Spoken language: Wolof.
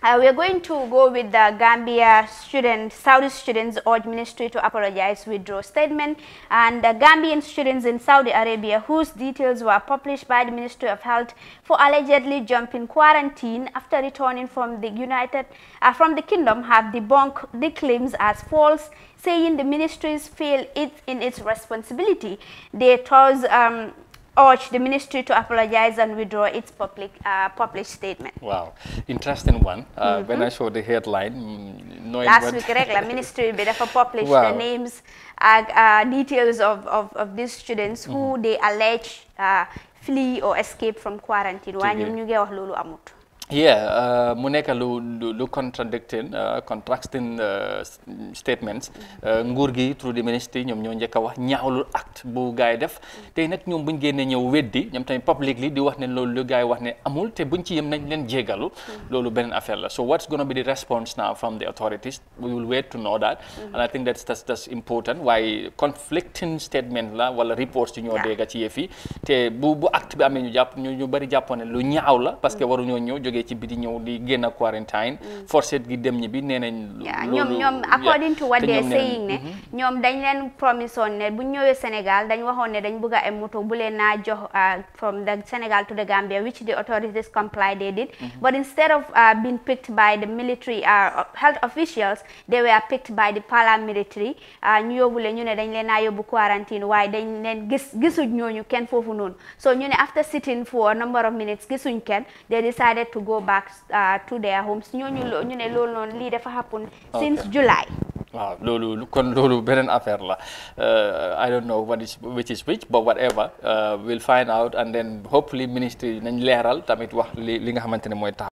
Uh, we are going to go with the Gambia student, Saudi students urge ministry to apologize, withdraw statement. And the Gambian students in Saudi Arabia whose details were published by the Ministry of Health for allegedly jumping quarantine after returning from the United, uh, from the Kingdom have debunked the claims as false, saying the ministries fail it in its responsibility. They told. um, urge the ministry to apologize and withdraw its public, uh, published statement. Wow, interesting one. Uh, mm -hmm. When I saw the headline, mm, knowing last week, regular ministry they have published wow. the names and uh, uh, details of, of, of, these students who mm -hmm. they allege uh, flee or escape from quarantine. Wa ñu ngi wax lolu amut. Yeah, uh, mu nekk lu lu contradicting uh, contrasting uh, statements mm-hmm. nguur gi through the ministry ñoom ñoo njëkk a wax ñaawlu act bu gars yi def mm-hmm. tey nag ñoom buñ génnee ñëw weddi ñoom tamit publicly di wax ne loolu lu gars yi wax ne amul te buñ ci yem nañ leen jégalu mm-hmm. loolu benn affaire la so what's going to be the response now from the authorities we will wait to know that and I think that's that's that's important waaye conflicting statement la wala reports yi ñoo dégg ci yëf yi te bu bu act bi amee ñu jàpp ñu bëri jàppoon lu ñaaw la parce que jógee ci biti ñëw di génn a quarantine mm. forcé gi dem ñi bi nee nañ ñoom ñoom according to what they saying ne mm-hmm. ñoom dañ leen promise woon ne bu ñëwee Sénégal dañ waxoon ne dañ bëgg a am moto bu leen naa jox uh, from the Senegal to the Gambia which the authorities comply they did mm-hmm. but instead of uh, being picked by the military uh, health officials they were picked by the paramilitary ñu yóbbu leen ñu ne dañ leen naa yóbbu quarantine waaye dañ leen gis gisuñ ñooñu kenn foofu so a go back uh, to their homes ñooñu ñu ne lii dafa happen since July kon loolu benn affaire la uh, I don't know what is which is uh, find out and then hopefully ministry nañ leeral tamit wax li li nga xamante ne mooy tax